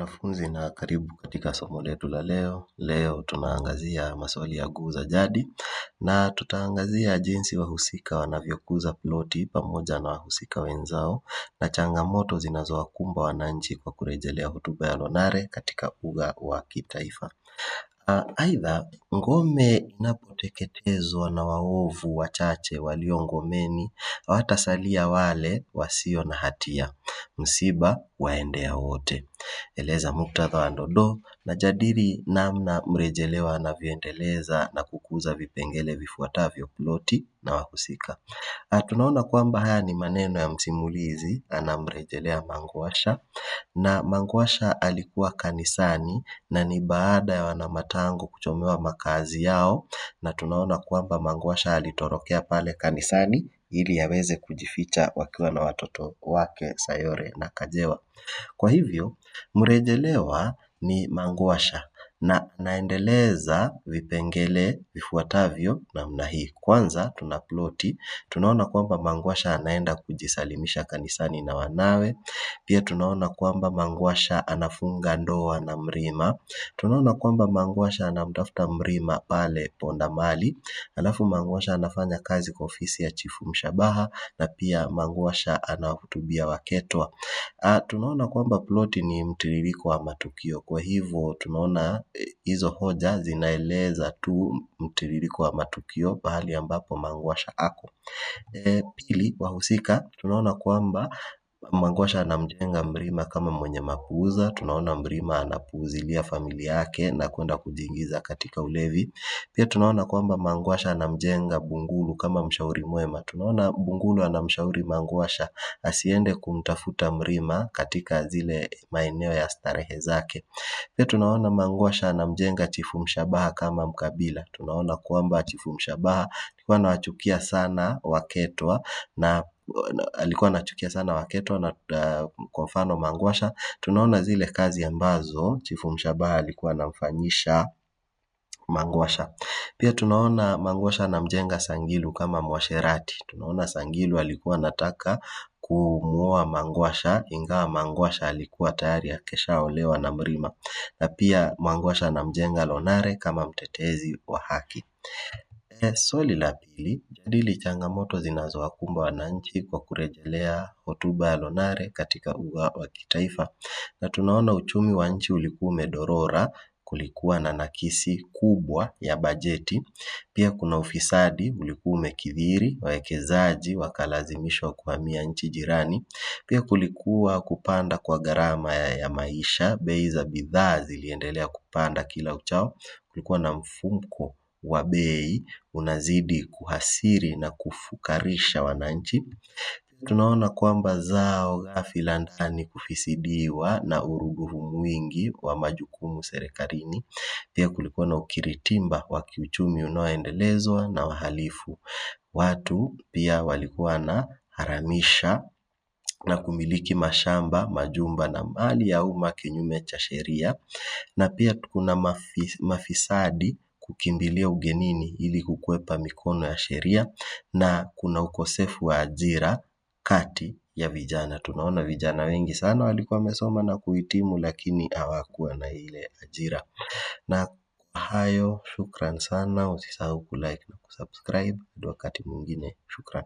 Wanafunzi na karibu katika somo letu la leo. Leo tunaangazia maswali ya za jadi na tutaangazia jinsi wahusika wanavyokuza ploti pamoja na wahusika wenzao na changamoto zinazowakumba wananchi kwa kurejelea hotuba ya Lonare katika uga wa kitaifa. Aidha, ngome inapoteketezwa na waovu wachache walio ngomeni, hawatasalia wale wasio na hatia. Msiba waendea wote. Eleza muktadha wa dondoo na jadili namna mrejelewa anavyoendeleza na kukuza vipengele vifuatavyo ploti na wahusika. Ah, tunaona kwamba haya ni maneno ya msimulizi anamrejelea Mangwasha na Mangwasha alikuwa kanisani na ni baada ya wanamatango kuchomewa makazi yao na tunaona kwamba Mangwasha alitorokea pale kanisani ili aweze kujificha wakiwa na watoto wake Sayore na Kajewa. Kwa hivyo mrejelewa ni manguasha na naendeleza vipengele vifuatavyo namna hii. Kwanza tuna ploti, tunaona kwamba Mangwasha anaenda kujisalimisha kanisani na wanawe. Pia tunaona kwamba Mangwasha anafunga ndoa na Mrima. Tunaona kwamba Mangwasha anamtafuta Mrima pale ponda mali Alafu Mangwasha anafanya kazi kwa ofisi ya Chifu Mshabaha na pia Mangwasha anahutubia Waketwa. Ah, tunaona kwamba ploti ni mtiririko wa matukio kwa hivyo tunaona hizo hoja zinaeleza tu mtiririko wa matukio pahali ambapo Mangwasha ako. Eh, pili wahusika tunaona kwamba Mangwasha anamjenga Mrima kama mwenye mapuuza. Tunaona Mrima anapuuzilia familia yake na kwenda kujiingiza katika ulevi. Pia tunaona kwamba Mangwasha anamjenga Bungulu kama mshauri mwema. Tunaona Bungulu anamshauri Mangwasha asiende kumtafuta Mrima katika zile maeneo ya starehe zake. Pia tunaona Mangwasha anamjenga Chifu Mshabaha kama mkabila. Tunaona kwamba Chifu Mshabaha alikuwa anawachukia sana Waketwa na alikuwa anachukia sana Waketo na uh, kwa mfano Mangwasha tunaona zile kazi ambazo Chifu Mshabaha alikuwa anamfanyisha Mangwasha pia tunaona Mangwasha anamjenga Sangilu kama mwasherati tunaona Sangilu alikuwa anataka kumuoa Mangwasha ingawa Mangwasha alikuwa tayari akeshaolewa na Mrima na pia Mangwasha anamjenga Lonare kama mtetezi wa haki. Eh, swali la pili, jadili changamoto zinazowakumba wananchi kwa kurejelea hotuba ya Lonare katika uga wa kitaifa. Na tunaona uchumi wa nchi ulikuwa umedorora, kulikuwa na nakisi kubwa ya bajeti. Pia kuna ufisadi ulikuwa umekithiri, wawekezaji wakalazimishwa kuhamia nchi jirani. Pia kulikuwa kupanda kwa gharama ya maisha, bei za bidhaa ziliendelea kupanda kila uchao, kulikuwa na mfumko wa bei unazidi kuhasiri na kufukarisha wananchi. Tunaona kwamba zao ghafi la ndani kufisidiwa na urudufu mwingi wa majukumu serikalini. Pia kulikuwa na ukiritimba wa kiuchumi unaoendelezwa na wahalifu. Watu pia walikuwa wanaharamisha na kumiliki mashamba, majumba na mali ya umma kinyume cha sheria na pia kuna mafisadi kukimbilia ugenini ili kukwepa mikono ya sheria na kuna ukosefu wa ajira kati ya vijana. Tunaona vijana wengi sana walikuwa wamesoma na kuhitimu lakini hawakuwa na ile ajira. Na hayo shukran sana usisahau kulike na kusubscribe hadi wakati mwingine shukran.